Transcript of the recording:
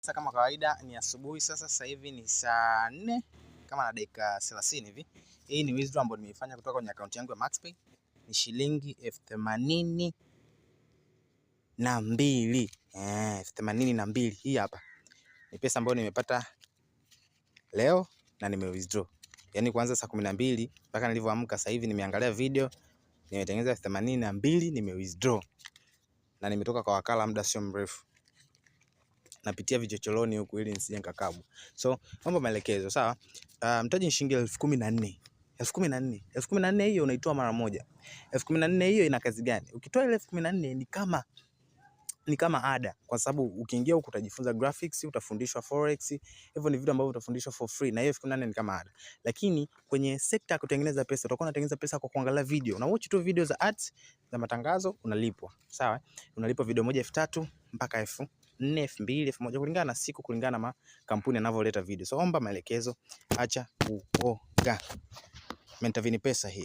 Sasa kama kawaida ni asubuhi sasa, sasa hivi ni saa nne kama na dakika 30 hivi. Hii ni withdraw ambayo nimeifanya kutoka kwenye akaunti yangu ya Maxpay ni shilingi elfu themanini na mbili eh, elfu themanini na mbili Hii hapa ni pesa ambayo nimepata leo na nime withdraw, yani kuanza saa kumi na mbili mpaka nilivyoamka sasa hivi, nimeangalia video nimetengeneza elfu themanini na mbili nime withdraw na nimetoka kwa wakala muda sio mrefu napitia vichochoroni huku ili nisije nikakabwa. So naomba maelekezo, sawa. Uh, mtaji shilingi elfu kumi na nne elfu kumi na nne elfu kumi na nne hiyo unaitoa mara moja. elfu kumi na nne hiyo ina kazi gani? Ukitoa ile elfu kumi na nne ni kama ni kama ada, kwa sababu ukiingia huko utajifunza graphics, utafundishwa forex, hivyo ni vitu ambavyo utafundishwa for free, na hiyo elfu kumi na nne ni kama ada. Lakini kwenye sekta ya kutengeneza pesa, utakuwa unatengeneza pesa kwa kuangalia video, na watch tu video za ads za matangazo, unalipwa sawa. Unalipwa video moja elfu tatu mpaka elfu nne elfu mbili elfu moja kulingana na siku, kulingana na kampuni anavyoleta video. So omba maelekezo, acha uoga. Mentavini pesa hii.